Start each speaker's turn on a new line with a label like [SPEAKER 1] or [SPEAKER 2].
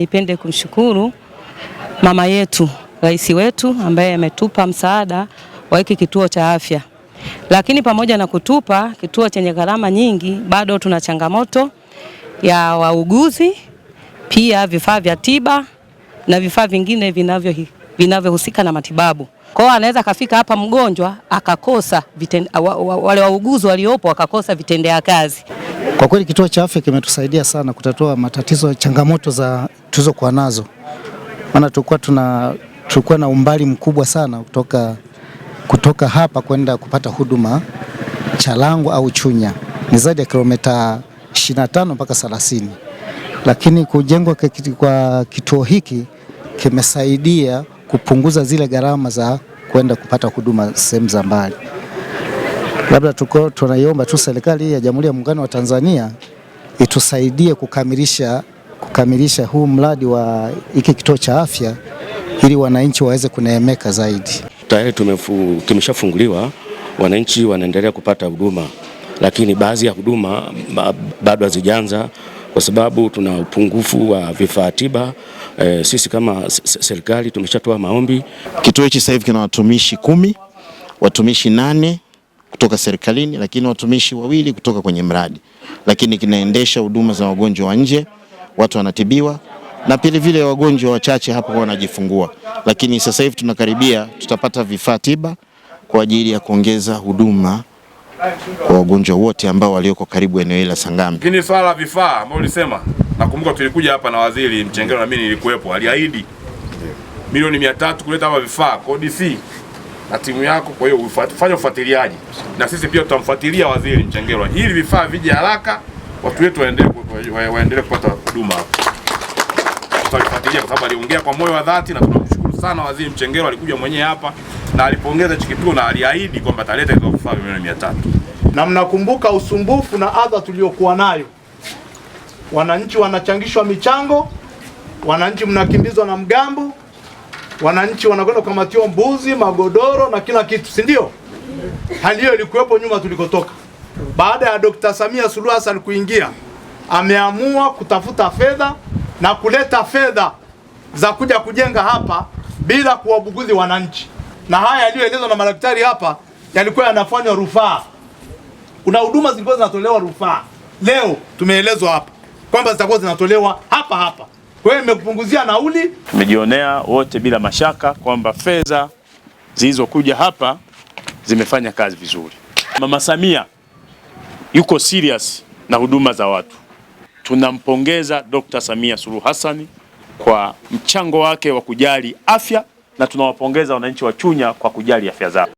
[SPEAKER 1] Nipende kumshukuru mama yetu rais wetu ambaye ametupa msaada wa hiki kituo cha afya, lakini pamoja na kutupa kituo chenye gharama nyingi, bado tuna changamoto ya wauguzi, pia vifaa vya tiba na vifaa vingine vinavyo vinavyohusika na matibabu. Kwa hiyo anaweza akafika hapa mgonjwa akakosa vitende, wale wauguzi waliopo wakakosa vitendea kazi.
[SPEAKER 2] Kwa kweli kituo cha afya kimetusaidia sana kutatua matatizo, changamoto za tulizokuwa nazo, maana tulikuwa tuna tulikuwa na umbali mkubwa sana kutoka, kutoka hapa kwenda kupata huduma Chalangu au Chunya ni zaidi ya kilomita 25 mpaka 30, lakini kujengwa kwa kituo hiki kimesaidia kupunguza zile gharama za kwenda kupata huduma sehemu za mbali. Labda tuko tunaiomba tu serikali ya Jamhuri ya Muungano wa Tanzania itusaidie kukamilisha kamilisha huu mradi wa hiki kituo cha afya ili wananchi waweze kuneemeka zaidi.
[SPEAKER 3] Tayari tumeshafunguliwa, wananchi wanaendelea kupata huduma, lakini baadhi ya huduma bado hazijaanza kwa sababu tuna upungufu wa vifaa tiba. E, sisi kama serikali tumeshatoa maombi.
[SPEAKER 4] Kituo hichi sasa hivi kina watumishi kumi, watumishi nane kutoka serikalini, lakini watumishi wawili kutoka kwenye mradi, lakini kinaendesha huduma za wagonjwa wa nje watu wanatibiwa na pili vile wagonjwa wachache hapo wanajifungua, lakini sasa hivi tunakaribia, tutapata vifaa tiba kwa ajili ya kuongeza huduma kwa wagonjwa wote ambao walioko karibu eneo hili la Sangame.
[SPEAKER 5] Lakini swala la vifaa ambao ulisema, nakumbuka tulikuja hapa na waziri Mchengero na mimi nilikuwepo, aliahidi milioni mia tatu kuleta hapa vifaa kwa DC na timu yako. Kwa hiyo ufanye ufuatiliaji, na sisi pia tutamfuatilia waziri Mchengero ili vifaa vije haraka, watu wetu waendelee kupata huduma hapo. Tutafuatilia kwa sababu aliongea kwa moyo wa dhati, na tunamshukuru sana Waziri Mchengero, alikuja mwenyewe hapa na alipongeza Chikipigo na aliahidi kwamba ataleta hizo vifaa vya milioni 300.
[SPEAKER 6] Na mnakumbuka usumbufu na adha tuliyokuwa nayo, wananchi wanachangishwa michango, wananchi mnakimbizwa na mgambo, wananchi wanakwenda kukamatiwa mbuzi, magodoro na kila kitu, si ndio? Hali hiyo ilikuwepo nyuma tulikotoka, baada ya Dr. Samia Suluhu Hassan kuingia ameamua kutafuta fedha na kuleta fedha za kuja kujenga hapa bila kuwabuguzi wananchi, na haya yaliyoelezwa na madaktari hapa yalikuwa yanafanywa rufaa. Kuna huduma zilikuwa zinatolewa rufaa, leo tumeelezwa hapa kwamba zitakuwa zinatolewa hapa hapa. Kwa hiyo imekupunguzia nauli.
[SPEAKER 7] Tumejionea wote bila mashaka kwamba fedha zilizokuja hapa zimefanya kazi vizuri. Mama Samia yuko serious na huduma za watu. Tunampongeza Dkt. Samia Suluhu Hassan kwa mchango wake wa kujali afya na tunawapongeza wananchi wa Chunya kwa kujali afya zao.